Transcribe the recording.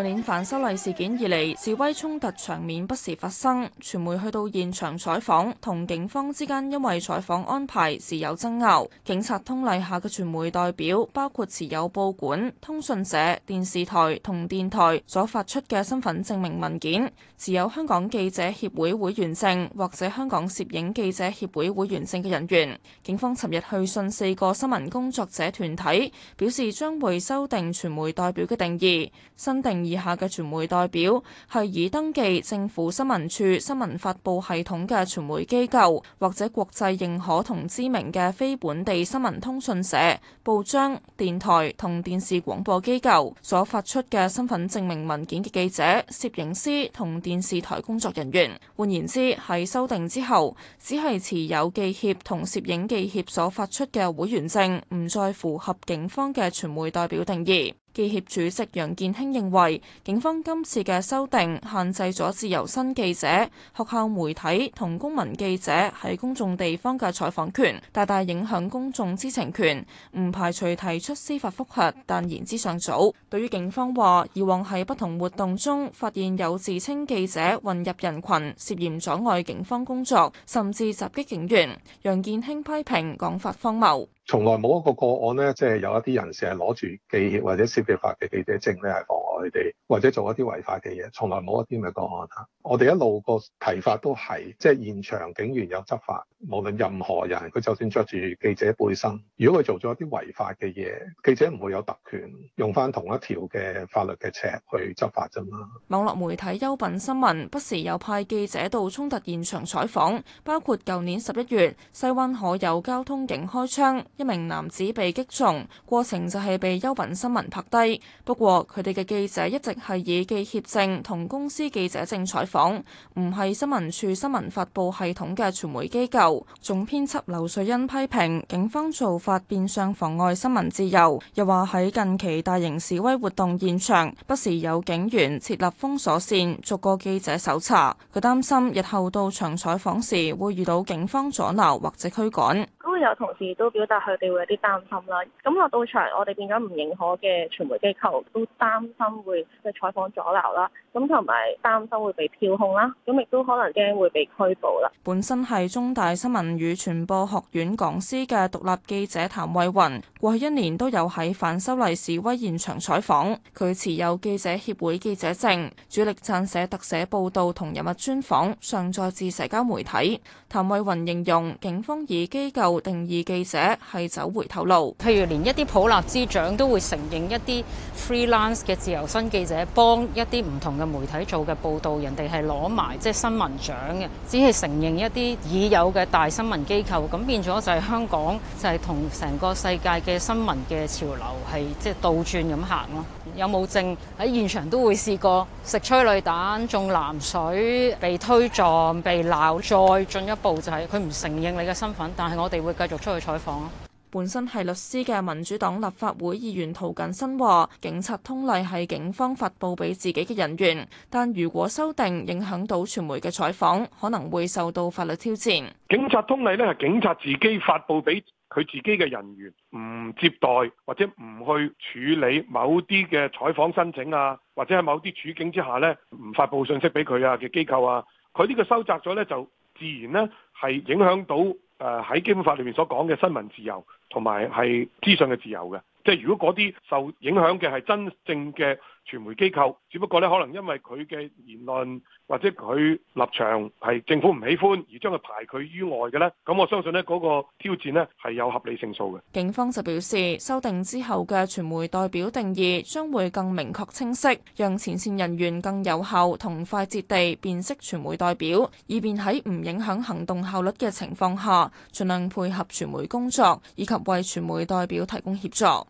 舊年反修例事件以嚟，示威衝突場面不時發生，傳媒去到現場採訪，同警方之間因為採訪安排時有爭拗。警察通例下嘅傳媒代表，包括持有報館、通訊社、電視台同電台所發出嘅身份證明文件，持有香港記者協會會員證或者香港攝影記者協會會員證嘅人員，警方尋日去信四個新聞工作者團體，表示將會修訂傳媒代表嘅定義，新定義。以下嘅傳媒代表係已登記政府新聞處新聞發布系統嘅傳媒機構，或者國際認可同知名嘅非本地新聞通訊社、報章、電台同電視廣播機構所發出嘅身份證明文件嘅記者、攝影師同電視台工作人員。換言之，喺修訂之後，只係持有記協同攝影記協所發出嘅會員證，唔再符合警方嘅傳媒代表定義。記協主席楊健興認為，警方今次嘅修訂限制咗自由身記者、學校媒體同公民記者喺公眾地方嘅採訪權，大大影響公眾知情權。唔排除提出司法覆核，但言之尚早。對於警方話以往喺不同活動中發現有自稱記者混入人群，涉嫌阻礙警方工作，甚至襲擊警員，楊健興批評講法荒謬。從來冇一個個案呢，即係有一啲人士係攞住記協或者攝影記協發嘅記者證咧，係佢哋或者做一啲違法嘅嘢，從來冇一啲咁嘅個案。我哋一路個提法都係即係現場警員有執法，無論任何人，佢就算着住記者背心，如果佢做咗一啲違法嘅嘢，記者唔會有特權用翻同一條嘅法律嘅尺去執法啫嘛。網絡媒體優品新聞不時有派記者到衝突現場採訪，包括舊年十一月西灣河有交通警開槍，一名男子被擊中，過程就係被優品新聞拍低。不過佢哋嘅記記者一直係以記協證同公司記者證採訪，唔係新聞處新聞發布系統嘅傳媒機構。總編輯劉瑞恩批評警方做法變相妨礙新聞自由，又話喺近期大型示威活動現場，不時有警員設立封鎖線，逐個記者搜查。佢擔心日後到場採訪時會遇到警方阻撓或者驅趕。有同事都表達佢哋會有啲擔心啦，咁落到場，我哋變咗唔認可嘅傳媒機構都擔心會去採訪阻撓啦，咁同埋擔心會被票控啦，咁亦都可能驚會被拘捕啦。本身係中大新聞與傳播學院講師嘅獨立記者譚慧雲，過去一年都有喺反修例示威現場採訪。佢持有記者協會記者證，主力撰寫特寫報導同人物專訪，上載至社交媒體。譚慧雲形容警方以機構定義記者係走回頭路，譬如連一啲普立茲獎都會承認一啲 freelance 嘅自由身記者幫一啲唔同嘅媒體做嘅報道，人哋係攞埋即係新聞獎嘅，只係承認一啲已有嘅大新聞機構。咁變咗就係香港就係同成個世界嘅新聞嘅潮流係即係倒轉咁行咯。有冇證喺現場都會試過食催淚彈、中藍水、被推撞、被鬧，再進一步就係佢唔承認你嘅身份，但係我哋會。繼續出去採訪。本身係律師嘅民主黨立法會議員陶瑾新話，警察通例係警方發布俾自己嘅人員，但如果修訂影響到傳媒嘅採訪可能會受到法律挑戰。警察通例咧係警察自己發布俾佢自己嘅人員，唔接待或者唔去處理某啲嘅採訪申請啊，或者喺某啲處境之下咧唔發布信息俾佢啊，嘅機構啊，佢呢個收窄咗咧，就自然咧係影響到。誒喺基本法裏面所講嘅新聞自由，同埋係資訊嘅自由嘅。即係如果嗰啲受影響嘅係真正嘅傳媒機構，只不過咧可能因為佢嘅言論或者佢立場係政府唔喜歡，而將佢排拒於外嘅咧，咁我相信咧嗰個挑戰咧係有合理性數嘅。警方就表示，修訂之後嘅傳媒代表定義將會更明確清晰，讓前線人員更有效同快捷地辨識傳媒代表，以便喺唔影響行動效率嘅情況下，儘量配合傳媒工作，以及為傳媒代表提供協助。